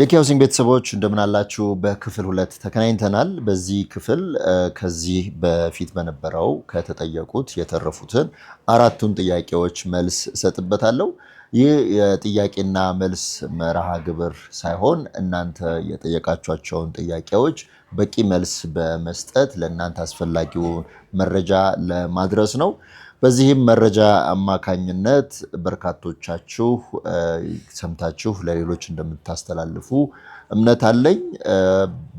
የኪያውሲንግ ቤተሰቦች እንደምናላችሁ በክፍል ሁለት ተገናኝተናል። በዚህ ክፍል ከዚህ በፊት በነበረው ከተጠየቁት የተረፉትን አራቱን ጥያቄዎች መልስ እሰጥበታለሁ። ይህ የጥያቄና መልስ መርሃ ግብር ሳይሆን እናንተ የጠየቃቸቸውን ጥያቄዎች በቂ መልስ በመስጠት ለእናንተ አስፈላጊው መረጃ ለማድረስ ነው። በዚህም መረጃ አማካኝነት በርካቶቻችሁ ሰምታችሁ ለሌሎች እንደምታስተላልፉ እምነት አለኝ።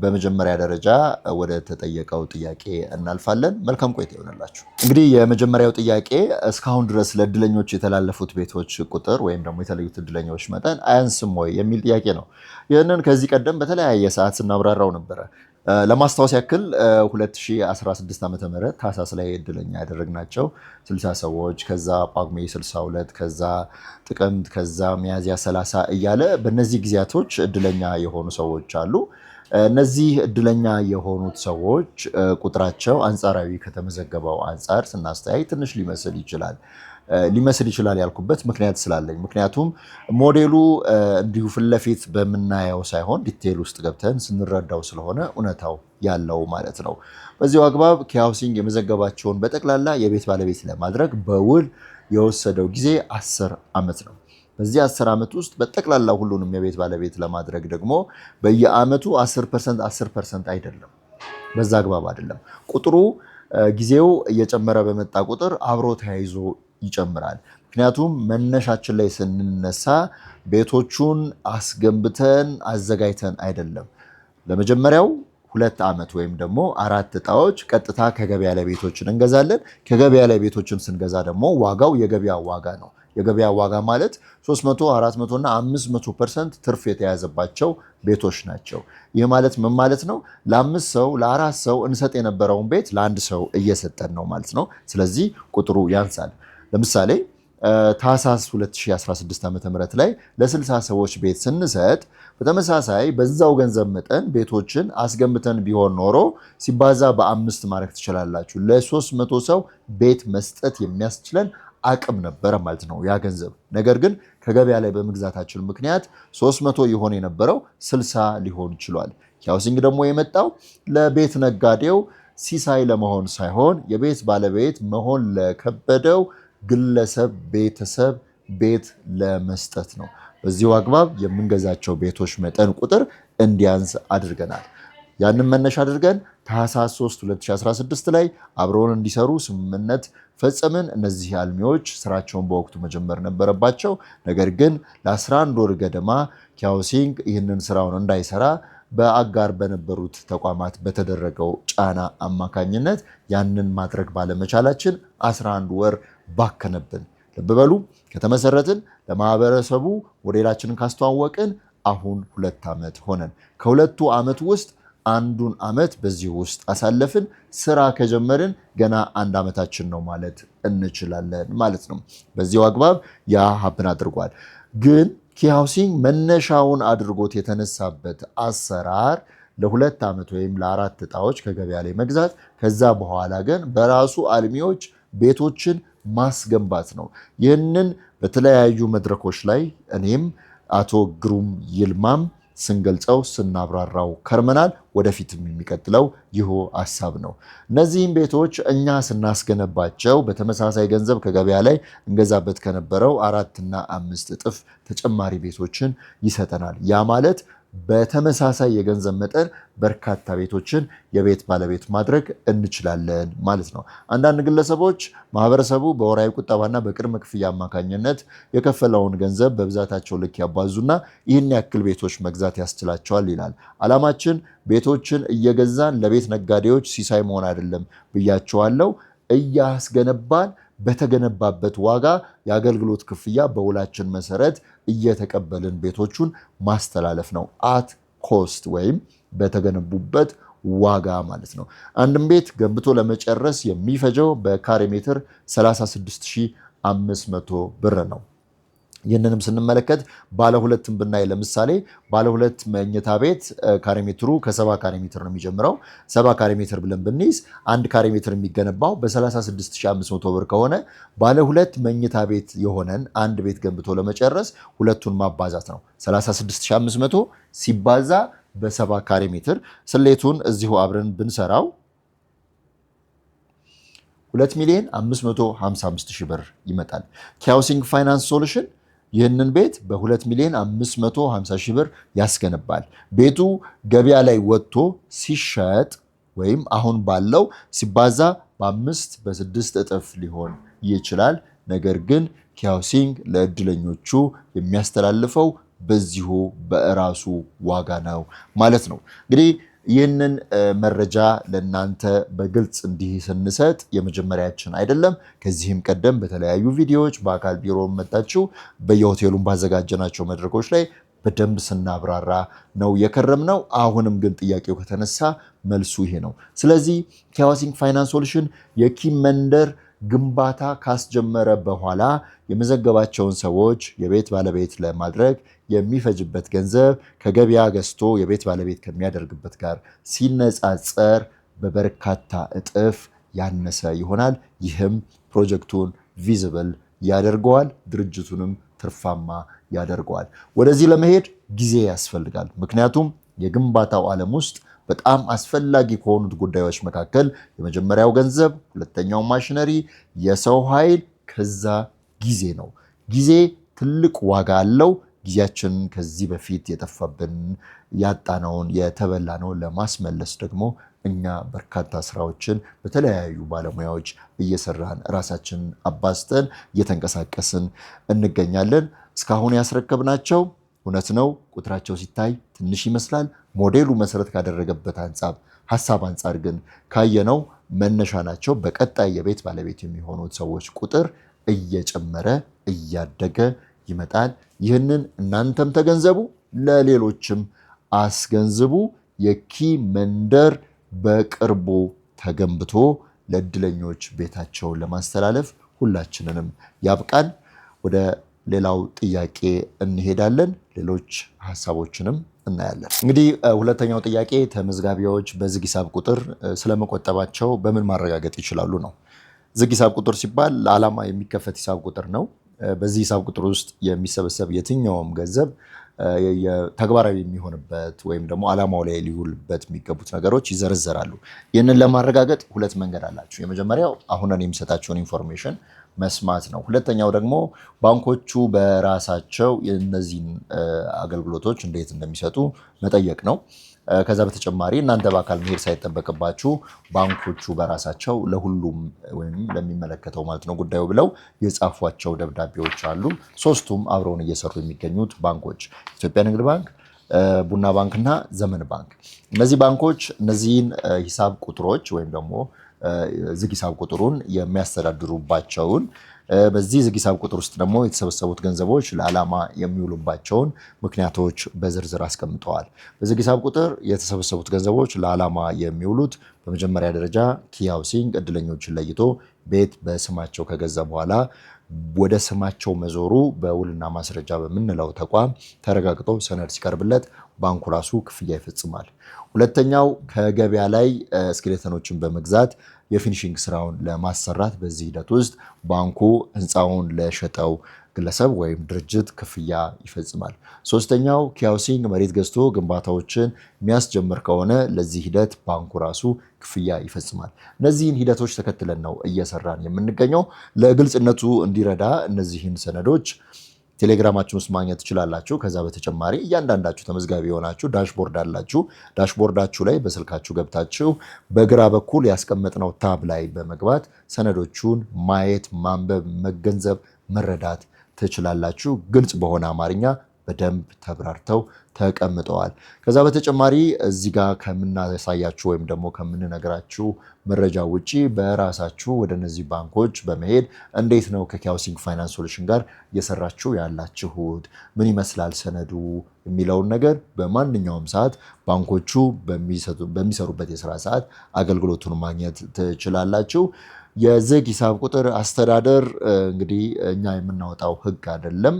በመጀመሪያ ደረጃ ወደ ተጠየቀው ጥያቄ እናልፋለን። መልካም ቆይታ ይሆንላችሁ። እንግዲህ የመጀመሪያው ጥያቄ እስካሁን ድረስ ለእድለኞች የተላለፉት ቤቶች ቁጥር ወይም ደግሞ የተለዩት እድለኞች መጠን አያንስም ወይ የሚል ጥያቄ ነው። ይህንን ከዚህ ቀደም በተለያየ ሰዓት ስናብራራው ነበረ። ለማስታወስ ያክል 2016 ዓ ም ታህሳስ ላይ እድለኛ ያደረግናቸው 60 ሰዎች ከዛ ጳጉሜ 62 ከዛ ጥቅምት ከዛ ሚያዝያ 30 እያለ በእነዚህ ጊዜያቶች እድለኛ የሆኑ ሰዎች አሉ። እነዚህ እድለኛ የሆኑት ሰዎች ቁጥራቸው አንጻራዊ ከተመዘገበው አንጻር ስናስተያይ ትንሽ ሊመስል ይችላል። ሊመስል ይችላል ያልኩበት ምክንያት ስላለኝ፣ ምክንያቱም ሞዴሉ እንዲሁ ፊት ለፊት በምናየው ሳይሆን ዲቴይል ውስጥ ገብተን ስንረዳው ስለሆነ እውነታው ያለው ማለት ነው። በዚሁ አግባብ ኪሃውሲንግ የመዘገባቸውን በጠቅላላ የቤት ባለቤት ለማድረግ በውል የወሰደው ጊዜ አስር ዓመት ነው። በዚህ አስር ዓመት ውስጥ በጠቅላላ ሁሉንም የቤት ባለቤት ለማድረግ ደግሞ በየዓመቱ 10 ፐርሰንት 10 ፐርሰንት አይደለም። በዛ አግባብ አይደለም። ቁጥሩ ጊዜው እየጨመረ በመጣ ቁጥር አብሮ ተያይዞ ይጨምራል። ምክንያቱም መነሻችን ላይ ስንነሳ ቤቶቹን አስገንብተን አዘጋጅተን አይደለም። ለመጀመሪያው ሁለት ዓመት ወይም ደግሞ አራት እጣዎች ቀጥታ ከገበያ ላይ ቤቶችን እንገዛለን። ከገበያ ላይ ቤቶችን ስንገዛ ደግሞ ዋጋው የገበያ ዋጋ ነው። የገበያ ዋጋ ማለት 300፣ 400 እና 500 ፐርሰንት ትርፍ የተያዘባቸው ቤቶች ናቸው። ይህ ማለት ምን ማለት ነው? ለአምስት ሰው ለአራት ሰው እንሰጥ የነበረውን ቤት ለአንድ ሰው እየሰጠን ነው ማለት ነው። ስለዚህ ቁጥሩ ያንሳል። ለምሳሌ ታህሳስ 2016 ዓ ም ላይ ለ60 ሰዎች ቤት ስንሰጥ በተመሳሳይ በዛው ገንዘብ መጠን ቤቶችን አስገምተን ቢሆን ኖሮ ሲባዛ በአምስት ማድረግ ትችላላችሁ። ለ300 ሰው ቤት መስጠት የሚያስችለን አቅም ነበረ ማለት ነው ያ ገንዘብ። ነገር ግን ከገበያ ላይ በመግዛታችን ምክንያት 300 የሆነ የነበረው 60 ሊሆን ችሏል። ሃውሲንግ ደግሞ የመጣው ለቤት ነጋዴው ሲሳይ ለመሆን ሳይሆን የቤት ባለቤት መሆን ለከበደው ግለሰብ ቤተሰብ ቤት ለመስጠት ነው። በዚሁ አግባብ የምንገዛቸው ቤቶች መጠን ቁጥር እንዲያንስ አድርገናል። ያንን መነሻ አድርገን ታህሳስ 3 2016 ላይ አብረውን እንዲሰሩ ስምምነት ፈጸምን። እነዚህ አልሚዎች ስራቸውን በወቅቱ መጀመር ነበረባቸው። ነገር ግን ለ11 ወር ገደማ ኪያውሲንግ ይህንን ስራውን እንዳይሰራ በአጋር በነበሩት ተቋማት በተደረገው ጫና አማካኝነት ያንን ማድረግ ባለመቻላችን 11 ወር ባከነብን። ልብ በሉ ከተመሰረትን ለማህበረሰቡ ሞዴላችንን ካስተዋወቅን አሁን ሁለት ዓመት ሆነን። ከሁለቱ ዓመት ውስጥ አንዱን ዓመት በዚህ ውስጥ አሳለፍን። ስራ ከጀመርን ገና አንድ ዓመታችን ነው ማለት እንችላለን ማለት ነው። በዚሁ አግባብ ያ ሀብን አድርጓል። ግን ኪሃውሲንግ መነሻውን አድርጎት የተነሳበት አሰራር ለሁለት ዓመት ወይም ለአራት እጣዎች ከገበያ ላይ መግዛት፣ ከዛ በኋላ ግን በራሱ አልሚዎች ቤቶችን ማስገንባት ነው። ይህንን በተለያዩ መድረኮች ላይ እኔም አቶ ግሩም ይልማም ስንገልጸው ስናብራራው ከርመናል። ወደፊትም የሚቀጥለው ይሁ ሀሳብ ነው። እነዚህም ቤቶች እኛ ስናስገነባቸው በተመሳሳይ ገንዘብ ከገበያ ላይ እንገዛበት ከነበረው አራትና አምስት እጥፍ ተጨማሪ ቤቶችን ይሰጠናል። ያ ማለት በተመሳሳይ የገንዘብ መጠን በርካታ ቤቶችን የቤት ባለቤት ማድረግ እንችላለን ማለት ነው። አንዳንድ ግለሰቦች ማህበረሰቡ በወራዊ ቁጠባና በቅድመ ክፍያ አማካኝነት የከፈለውን ገንዘብ በብዛታቸው ልክ ያባዙና ይህን ያክል ቤቶች መግዛት ያስችላቸዋል ይላል። አላማችን ቤቶችን እየገዛን ለቤት ነጋዴዎች ሲሳይ መሆን አይደለም ብያቸዋለሁ። እያስገነባን በተገነባበት ዋጋ የአገልግሎት ክፍያ በውላችን መሰረት እየተቀበልን ቤቶቹን ማስተላለፍ ነው። አት ኮስት ወይም በተገነቡበት ዋጋ ማለት ነው። አንድም ቤት ገንብቶ ለመጨረስ የሚፈጀው በካሬ ሜትር 36500 ብር ነው። ይህንንም ስንመለከት ባለ ሁለትም ብናይ ለምሳሌ ባለ ሁለት መኝታ ቤት ካሬ ሜትሩ ከሰባ ካሬ ሜትር ነው የሚጀምረው። ሰባ ካሬ ሜትር ብለን ብንይዝ አንድ ካሬ ሜትር የሚገነባው በ36500 ብር ከሆነ ባለ ሁለት መኝታ ቤት የሆነን አንድ ቤት ገንብቶ ለመጨረስ ሁለቱን ማባዛት ነው። 36500 ሲባዛ በሰባ ካሬ ሜትር ስሌቱን እዚሁ አብረን ብንሰራው 2 ሚሊዮን 555 ሺህ ብር ይመጣል። ኪያውሲንግ ፋይናንስ ሶሉሽን ይህንን ቤት በ2 ሚሊዮን 550 ሺህ ብር ያስገነባል። ቤቱ ገበያ ላይ ወጥቶ ሲሸጥ ወይም አሁን ባለው ሲባዛ በአምስት በስድስት እጥፍ ሊሆን ይችላል። ነገር ግን ኪያውሲንግ ለእድለኞቹ የሚያስተላልፈው በዚሁ በራሱ ዋጋ ነው ማለት ነው እንግዲህ ይህንን መረጃ ለእናንተ በግልጽ እንዲህ ስንሰጥ የመጀመሪያችን አይደለም። ከዚህም ቀደም በተለያዩ ቪዲዮዎች በአካል ቢሮ መጣችሁ በየሆቴሉን ባዘጋጀናቸው መድረኮች ላይ በደንብ ስናብራራ ነው ነው። አሁንም ግን ጥያቄው ከተነሳ መልሱ ይሄ ነው። ስለዚህ ከሃውሲንግ ፋይናንስ ሶሉሽን የኪም መንደር ግንባታ ካስጀመረ በኋላ የመዘገባቸውን ሰዎች የቤት ባለቤት ለማድረግ የሚፈጅበት ገንዘብ ከገበያ ገዝቶ የቤት ባለቤት ከሚያደርግበት ጋር ሲነጻጸር በበርካታ እጥፍ ያነሰ ይሆናል። ይህም ፕሮጀክቱን ቪዚብል ያደርገዋል፣ ድርጅቱንም ትርፋማ ያደርገዋል። ወደዚህ ለመሄድ ጊዜ ያስፈልጋል። ምክንያቱም የግንባታው ዓለም ውስጥ በጣም አስፈላጊ ከሆኑት ጉዳዮች መካከል የመጀመሪያው ገንዘብ፣ ሁለተኛው ማሽነሪ፣ የሰው ኃይል፣ ከዛ ጊዜ ነው። ጊዜ ትልቅ ዋጋ አለው። ጊዜያችን ከዚህ በፊት የጠፋብን ያጣነውን የተበላነውን ለማስመለስ ደግሞ እኛ በርካታ ስራዎችን በተለያዩ ባለሙያዎች እየሰራን ራሳችን አባዝተን እየተንቀሳቀስን እንገኛለን። እስካሁን ያስረከብናቸው እውነት ነው፣ ቁጥራቸው ሲታይ ትንሽ ይመስላል። ሞዴሉ መሰረት ካደረገበት አንጻር ሀሳብ አንጻር ግን ካየነው መነሻ ናቸው። በቀጣይ የቤት ባለቤት የሚሆኑት ሰዎች ቁጥር እየጨመረ እያደገ ይመጣል። ይህንን እናንተም ተገንዘቡ፣ ለሌሎችም አስገንዝቡ። የኪ መንደር በቅርቡ ተገንብቶ ለእድለኞች ቤታቸውን ለማስተላለፍ ሁላችንንም ያብቃን። ወደ ሌላው ጥያቄ እንሄዳለን። ሌሎች ሀሳቦችንም እናያለን። እንግዲህ ሁለተኛው ጥያቄ ተመዝጋቢዎች በዝግ ሂሳብ ቁጥር ስለመቆጠባቸው በምን ማረጋገጥ ይችላሉ ነው። ዝግ ሂሳብ ቁጥር ሲባል ለዓላማ የሚከፈት ሂሳብ ቁጥር ነው። በዚህ ሂሳብ ቁጥር ውስጥ የሚሰበሰብ የትኛውም ገንዘብ ተግባራዊ የሚሆንበት ወይም ደግሞ አላማው ላይ ሊውልበት የሚገቡት ነገሮች ይዘረዘራሉ። ይህንን ለማረጋገጥ ሁለት መንገድ አላችሁ። የመጀመሪያው አሁን የሚሰጣቸውን ኢንፎርሜሽን መስማት ነው። ሁለተኛው ደግሞ ባንኮቹ በራሳቸው እነዚህን አገልግሎቶች እንዴት እንደሚሰጡ መጠየቅ ነው። ከዛ በተጨማሪ እናንተ በአካል መሄድ ሳይጠበቅባችሁ ባንኮቹ በራሳቸው ለሁሉም ወይም ለሚመለከተው ማለት ነው ጉዳዩ ብለው የጻፏቸው ደብዳቤዎች አሉ። ሶስቱም አብረውን እየሰሩ የሚገኙት ባንኮች ኢትዮጵያ ንግድ ባንክ፣ ቡና ባንክ እና ዘመን ባንክ። እነዚህ ባንኮች እነዚህን ሂሳብ ቁጥሮች ወይም ደግሞ ዝግ ሂሳብ ቁጥሩን የሚያስተዳድሩባቸውን በዚህ ዝግ ሂሳብ ቁጥር ውስጥ ደግሞ የተሰበሰቡት ገንዘቦች ለዓላማ የሚውሉባቸውን ምክንያቶች በዝርዝር አስቀምጠዋል። በዝግ ሂሳብ ቁጥር የተሰበሰቡት ገንዘቦች ለዓላማ የሚውሉት በመጀመሪያ ደረጃ ኪያውሲንግ እድለኞችን ለይቶ ቤት በስማቸው ከገዛ በኋላ ወደ ስማቸው መዞሩ በውልና ማስረጃ በምንለው ተቋም ተረጋግጦ ሰነድ ሲቀርብለት ባንኩ ራሱ ክፍያ ይፈጽማል። ሁለተኛው ከገበያ ላይ እስክሌተኖችን በመግዛት የፊኒሽንግ ስራውን ለማሰራት በዚህ ሂደት ውስጥ ባንኩ ህንፃውን ለሸጠው ግለሰብ ወይም ድርጅት ክፍያ ይፈጽማል። ሶስተኛው ኪያውሲንግ መሬት ገዝቶ ግንባታዎችን የሚያስጀምር ከሆነ ለዚህ ሂደት ባንኩ ራሱ ክፍያ ይፈጽማል። እነዚህን ሂደቶች ተከትለን ነው እየሰራን የምንገኘው። ለግልጽነቱ እንዲረዳ እነዚህን ሰነዶች ቴሌግራማችን ውስጥ ማግኘት ትችላላችሁ። ከዛ በተጨማሪ እያንዳንዳችሁ ተመዝጋቢ የሆናችሁ ዳሽቦርድ አላችሁ። ዳሽቦርዳችሁ ላይ በስልካችሁ ገብታችሁ በግራ በኩል ያስቀመጥነው ታብ ላይ በመግባት ሰነዶቹን ማየት፣ ማንበብ፣ መገንዘብ፣ መረዳት ትችላላችሁ። ግልጽ በሆነ አማርኛ በደንብ ተብራርተው ተቀምጠዋል። ከዛ በተጨማሪ እዚህ ጋር ከምናሳያችሁ ወይም ደግሞ ከምንነግራችሁ መረጃ ውጪ በራሳችሁ ወደ እነዚህ ባንኮች በመሄድ እንዴት ነው ከካውንሲንግ ፋይናንስ ሶሉሽን ጋር እየሰራችሁ ያላችሁት፣ ምን ይመስላል ሰነዱ የሚለውን ነገር በማንኛውም ሰዓት ባንኮቹ በሚሰሩበት የስራ ሰዓት አገልግሎቱን ማግኘት ትችላላችሁ። የዝግ ሂሳብ ቁጥር አስተዳደር እንግዲህ እኛ የምናወጣው ህግ አይደለም፣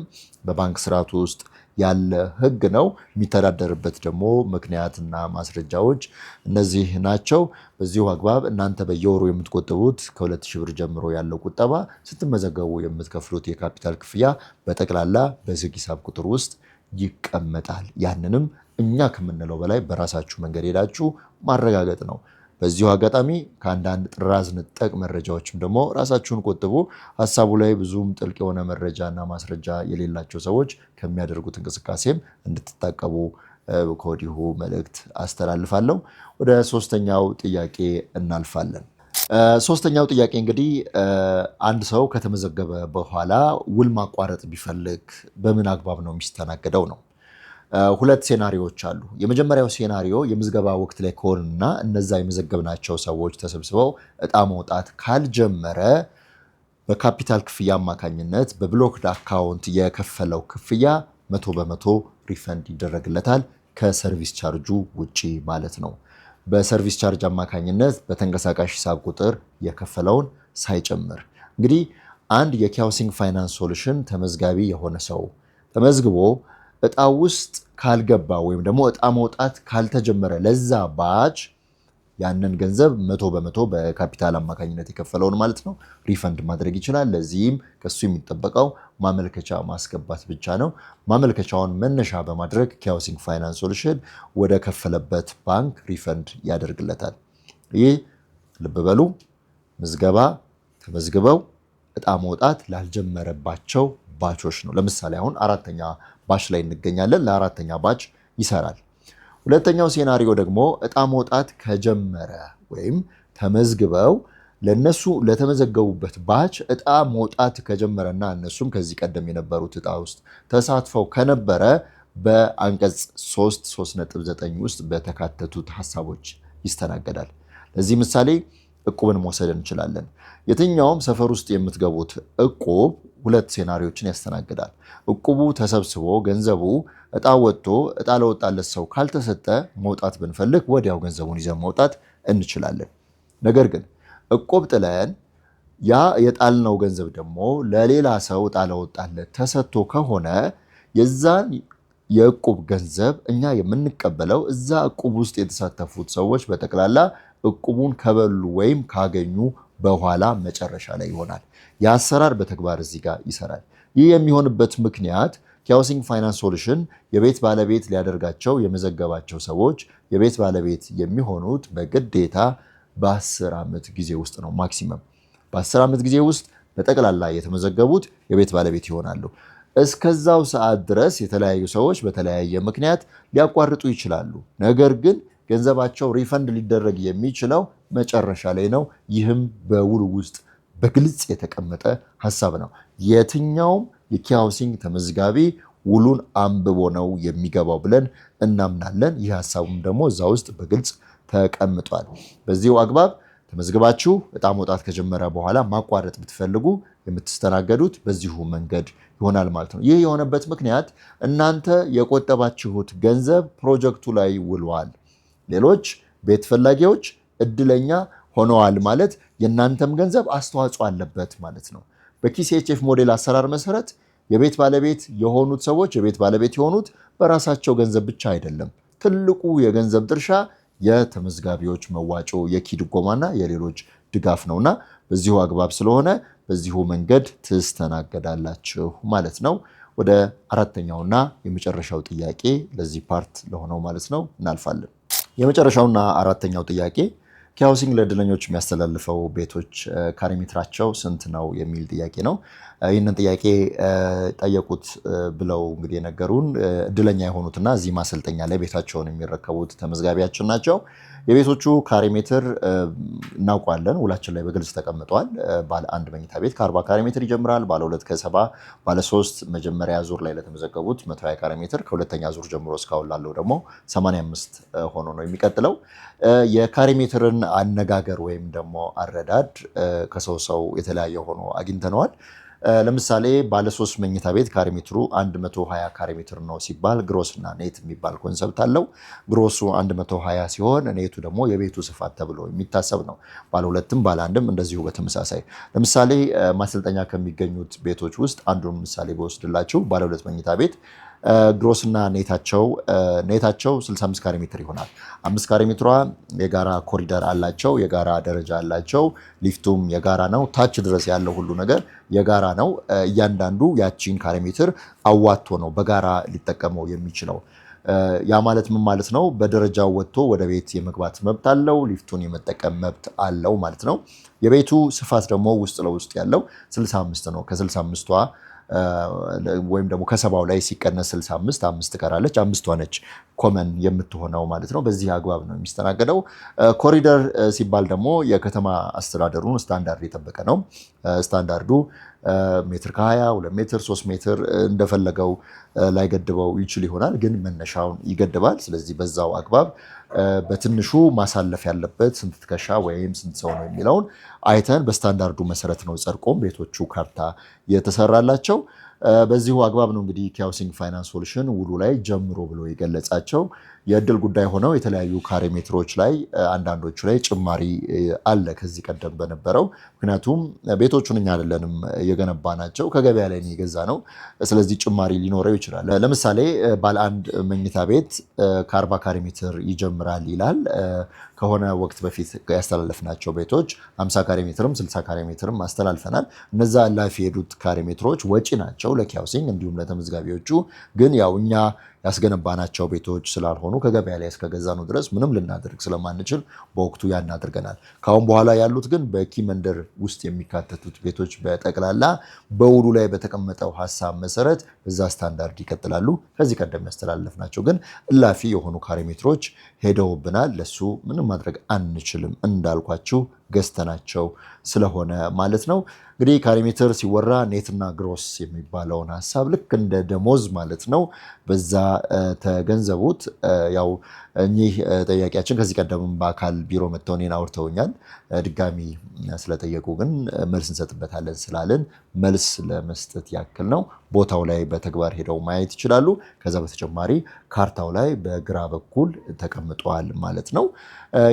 በባንክ ስርዓቱ ውስጥ ያለ ህግ ነው። የሚተዳደርበት ደግሞ ምክንያትና ማስረጃዎች እነዚህ ናቸው። በዚሁ አግባብ እናንተ በየወሩ የምትቆጥቡት ከሁለት ሺህ ብር ጀምሮ ያለው ቁጠባ፣ ስትመዘገቡ የምትከፍሉት የካፒታል ክፍያ በጠቅላላ በዝግ ሂሳብ ቁጥር ውስጥ ይቀመጣል። ያንንም እኛ ከምንለው በላይ በራሳችሁ መንገድ ሄዳችሁ ማረጋገጥ ነው። በዚሁ አጋጣሚ ከአንዳንድ ጥራዝ ንጠቅ መረጃዎችም ደግሞ ራሳችሁን ቆጥቡ። ሀሳቡ ላይ ብዙም ጥልቅ የሆነ መረጃና ማስረጃ የሌላቸው ሰዎች ከሚያደርጉት እንቅስቃሴም እንድትታቀቡ ከወዲሁ መልእክት አስተላልፋለሁ። ወደ ሶስተኛው ጥያቄ እናልፋለን። ሶስተኛው ጥያቄ እንግዲህ አንድ ሰው ከተመዘገበ በኋላ ውል ማቋረጥ ቢፈልግ በምን አግባብ ነው የሚስተናገደው ነው። ሁለት ሴናሪዎች አሉ። የመጀመሪያው ሴናሪዮ የምዝገባ ወቅት ላይ ከሆንና እነዛ የመዘገብናቸው ሰዎች ተሰብስበው እጣ መውጣት ካልጀመረ በካፒታል ክፍያ አማካኝነት በብሎክድ አካውንት የከፈለው ክፍያ መቶ በመቶ ሪፈንድ ይደረግለታል ከሰርቪስ ቻርጁ ውጪ ማለት ነው። በሰርቪስ ቻርጅ አማካኝነት በተንቀሳቃሽ ሂሳብ ቁጥር የከፈለውን ሳይጨምር እንግዲህ አንድ የኪያውሲንግ ፋይናንስ ሶሉሽን ተመዝጋቢ የሆነ ሰው ተመዝግቦ እጣ ውስጥ ካልገባ ወይም ደግሞ እጣ መውጣት ካልተጀመረ ለዛ ባች ያንን ገንዘብ መቶ በመቶ በካፒታል አማካኝነት የከፈለውን ማለት ነው ሪፈንድ ማድረግ ይችላል። ለዚህም ከሱ የሚጠበቀው ማመልከቻ ማስገባት ብቻ ነው። ማመልከቻውን መነሻ በማድረግ ኪያውሲንግ ፋይናንስ ሶሉሽን ወደ ከፈለበት ባንክ ሪፈንድ ያደርግለታል። ይህ ልብ በሉ ምዝገባ ተመዝግበው እጣ መውጣት ላልጀመረባቸው ባቾች ነው። ለምሳሌ አሁን አራተኛ ባች ላይ እንገኛለን። ለአራተኛ ባች ይሰራል። ሁለተኛው ሴናሪዮ ደግሞ እጣ መውጣት ከጀመረ ወይም ተመዝግበው ለነሱ ለተመዘገቡበት ባች እጣ መውጣት ከጀመረ እና እነሱም ከዚህ ቀደም የነበሩት እጣ ውስጥ ተሳትፈው ከነበረ በአንቀጽ 3 3.9 ውስጥ በተካተቱት ሀሳቦች ይስተናገዳል። ለዚህ ምሳሌ እቁብን መውሰድ እንችላለን። የትኛውም ሰፈር ውስጥ የምትገቡት እቁብ ሁለት ሴናሪዎችን ያስተናግዳል። እቁቡ ተሰብስቦ ገንዘቡ እጣ ወጥቶ እጣ ለወጣለት ሰው ካልተሰጠ መውጣት ብንፈልግ ወዲያው ገንዘቡን ይዘን መውጣት እንችላለን። ነገር ግን እቁብ ጥለን ያ የጣልነው ገንዘብ ደግሞ ለሌላ ሰው እጣ ለወጣለት ተሰጥቶ ከሆነ የዛን የእቁብ ገንዘብ እኛ የምንቀበለው እዛ እቁብ ውስጥ የተሳተፉት ሰዎች በጠቅላላ እቁቡን ከበሉ ወይም ካገኙ በኋላ መጨረሻ ላይ ይሆናል። የአሰራር በተግባር እዚህ ጋር ይሰራል። ይህ የሚሆንበት ምክንያት ኪያውሲንግ ፋይናንስ ሶሉሽን የቤት ባለቤት ሊያደርጋቸው የመዘገባቸው ሰዎች የቤት ባለቤት የሚሆኑት በግዴታ በአስር ዓመት ጊዜ ውስጥ ነው። ማክሲመም በአስር ዓመት ጊዜ ውስጥ በጠቅላላ የተመዘገቡት የቤት ባለቤት ይሆናሉ። እስከዛው ሰዓት ድረስ የተለያዩ ሰዎች በተለያየ ምክንያት ሊያቋርጡ ይችላሉ። ነገር ግን ገንዘባቸው ሪፈንድ ሊደረግ የሚችለው መጨረሻ ላይ ነው። ይህም በውል ውስጥ በግልጽ የተቀመጠ ሀሳብ ነው። የትኛውም የኪሃውሲንግ ተመዝጋቢ ውሉን አንብቦ ነው የሚገባው ብለን እናምናለን። ይህ ሀሳቡም ደግሞ እዛ ውስጥ በግልጽ ተቀምጧል። በዚሁ አግባብ ተመዝግባችሁ እጣ መውጣት ከጀመረ በኋላ ማቋረጥ ብትፈልጉ የምትስተናገዱት በዚሁ መንገድ ይሆናል ማለት ነው። ይህ የሆነበት ምክንያት እናንተ የቆጠባችሁት ገንዘብ ፕሮጀክቱ ላይ ውሏል። ሌሎች ቤት ፈላጊዎች እድለኛ ሆነዋል ማለት የእናንተም ገንዘብ አስተዋጽኦ አለበት ማለት ነው። በኪሲኤችኤፍ ሞዴል አሰራር መሰረት የቤት ባለቤት የሆኑት ሰዎች የቤት ባለቤት የሆኑት በራሳቸው ገንዘብ ብቻ አይደለም። ትልቁ የገንዘብ ድርሻ የተመዝጋቢዎች መዋጮ፣ የኪ ድጎማና የሌሎች ድጋፍ ነውና በዚሁ አግባብ ስለሆነ በዚሁ መንገድ ትስተናገዳላችሁ ማለት ነው። ወደ አራተኛውና የመጨረሻው ጥያቄ ለዚህ ፓርት ለሆነው ማለት ነው እናልፋለን። የመጨረሻውና አራተኛው ጥያቄ ኪሃውሲንግ ለእድለኞች የሚያስተላልፈው ቤቶች ካሬ ሜትራቸው ስንት ነው የሚል ጥያቄ ነው። ይህንን ጥያቄ ጠየቁት ብለው እንግዲህ የነገሩን እድለኛ የሆኑትና እዚህ ማሰልጠኛ ላይ ቤታቸውን የሚረከቡት ተመዝጋቢያችን ናቸው። የቤቶቹ ካሬ ሜትር እናውቋለን። ውላችን ላይ በግልጽ ተቀምጧል። ባለ አንድ መኝታ ቤት ከ40 ካሬ ሜትር ይጀምራል። ባለ ሁለት ከሰባ ባለ ሶስት መጀመሪያ ዙር ላይ ለተመዘገቡት 120 ካሬ ሜትር፣ ከሁለተኛ ዙር ጀምሮ እስካሁን ላለው ደግሞ 85 ሆኖ ነው የሚቀጥለው። የካሬ ሜትርን አነጋገር ወይም ደግሞ አረዳድ ከሰው ሰው የተለያየ ሆኖ አግኝተነዋል። ለምሳሌ ባለ ሶስት መኝታ ቤት ካሬ ሜትሩ 120 ካሬ ሜትር ነው ሲባል ግሮስ እና ኔት የሚባል ኮንሰብት አለው። ግሮሱ 120 ሲሆን ኔቱ ደግሞ የቤቱ ስፋት ተብሎ የሚታሰብ ነው። ባለ ሁለትም ባለ አንድም እንደዚሁ በተመሳሳይ ለምሳሌ ማሰልጠኛ ከሚገኙት ቤቶች ውስጥ አንዱን ምሳሌ በወስድላችሁ ባለ ሁለት መኝታ ቤት ግሮስና ኔታቸው ኔታቸው 65 ካሬ ሜትር ይሆናል። አምስት ካሬ ሜትሯ የጋራ ኮሪደር አላቸው፣ የጋራ ደረጃ አላቸው። ሊፍቱም የጋራ ነው። ታች ድረስ ያለው ሁሉ ነገር የጋራ ነው። እያንዳንዱ ያቺን ካሬ ሜትር አዋቶ ነው በጋራ ሊጠቀመው የሚችለው። ያ ማለት ምን ማለት ነው? በደረጃው ወጥቶ ወደ ቤት የመግባት መብት አለው። ሊፍቱን የመጠቀም መብት አለው ማለት ነው። የቤቱ ስፋት ደግሞ ውስጥ ለውስጥ ያለው 65 ነው ከ 65 ወይም ደግሞ ከሰባው ላይ ሲቀነስ 65 አምስት ትቀራለች። አምስት ሆነች ኮመን የምትሆነው ማለት ነው። በዚህ አግባብ ነው የሚስተናገደው። ኮሪደር ሲባል ደግሞ የከተማ አስተዳደሩን ስታንዳርድ የጠበቀ ነው። ስታንዳርዱ ሜትር ከ20 ሁለት ሜትር ሶስት ሜትር እንደፈለገው ላይገድበው ይችል ይሆናል፣ ግን መነሻውን ይገድባል። ስለዚህ በዛው አግባብ በትንሹ ማሳለፍ ያለበት ስንት ትከሻ ወይም ስንት ሰው ነው የሚለውን አይተን በስታንዳርዱ መሰረት ነው ጸድቆም ቤቶቹ ካርታ የተሰራላቸው። በዚሁ አግባብ ነው እንግዲህ ኪ ሃውሲንግ ፋይናንስ ሶሉሽን ውሉ ላይ ጀምሮ ብሎ የገለጻቸው የእድል ጉዳይ ሆነው የተለያዩ ካሬ ሜትሮች ላይ አንዳንዶቹ ላይ ጭማሪ አለ ከዚህ ቀደም በነበረው። ምክንያቱም ቤቶቹን እኛ አይደለንም የገነባ ናቸው ከገበያ ላይ የገዛ ነው። ስለዚህ ጭማሪ ሊኖረው ይችላል። ለምሳሌ ባለ አንድ መኝታ ቤት ከአርባ ካሬ ሜትር ይጀምራል ይላል። ከሆነ ወቅት በፊት ያስተላለፍናቸው ቤቶች 50 ካሬ ሜትርም ስልሳ ካሬ ሜትርም አስተላልፈናል። እነዛ ላፊ የሄዱት ካሬ ሜትሮች ወጪ ናቸው ለኪ ሃውሲንግ እንዲሁም ለተመዝጋቢዎቹ ግን ያው እኛ ያስገነባናቸው ቤቶች ስላልሆኑ ከገበያ ላይ እስከገዛኑ ድረስ ምንም ልናደርግ ስለማንችል በወቅቱ ያን አድርገናል። ካሁን በኋላ ያሉት ግን በኪ መንደር ውስጥ የሚካተቱት ቤቶች በጠቅላላ በውሉ ላይ በተቀመጠው ሀሳብ መሰረት በዛ ስታንዳርድ ይቀጥላሉ። ከዚህ ቀደም ያስተላለፍናቸው ግን እላፊ የሆኑ ካሬ ሜትሮች ሄደውብናል። ለሱ ምንም ማድረግ አንችልም እንዳልኳችሁ ገዝተናቸው ስለሆነ ማለት ነው። እንግዲህ ካሬ ሜትር ሲወራ ኔትና ግሮስ የሚባለውን ሀሳብ ልክ እንደ ደሞዝ ማለት ነው፣ በዛ ተገንዘቡት። ያው እኚህ ጠያቂያችን ከዚህ ቀደም በአካል ቢሮ መጥተው እኔን አውርተውኛል። ድጋሚ ስለጠየቁ ግን መልስ እንሰጥበታለን ስላለን መልስ ለመስጠት ያክል ነው። ቦታው ላይ በተግባር ሄደው ማየት ይችላሉ። ከዛ በተጨማሪ ካርታው ላይ በግራ በኩል ተቀምጠዋል ማለት ነው።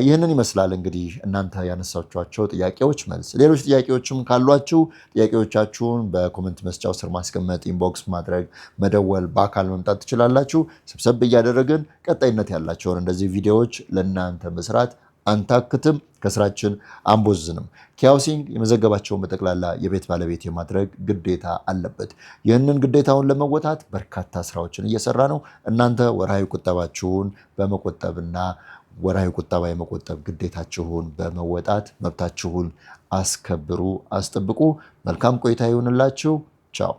ይህንን ይመስላል እንግዲህ እናንተ ያነሳችኋቸው ጥያቄዎች መልስ። ሌሎች ጥያቄዎችም ካሏችሁ ጥያቄዎቻችሁን በኮመንት መስጫው ስር ማስቀመጥ፣ ኢንቦክስ ማድረግ፣ መደወል፣ በአካል መምጣት ትችላላችሁ። ሰብሰብ እያደረግን ቀጣይነት ያላቸውን እንደዚህ ቪዲዮዎች ለእናንተ መስራት አንታክትም፣ ከስራችን አንቦዝንም። ኪያውሲንግ የመዘገባቸውን በጠቅላላ የቤት ባለቤት የማድረግ ግዴታ አለበት። ይህንን ግዴታውን ለመወጣት በርካታ ስራዎችን እየሰራ ነው። እናንተ ወርሃዊ ቁጠባችሁን በመቆጠብና ወርሃዊ ቁጠባ የመቆጠብ ግዴታችሁን በመወጣት መብታችሁን አስከብሩ፣ አስጠብቁ። መልካም ቆይታ ይሁንላችሁ። ቻው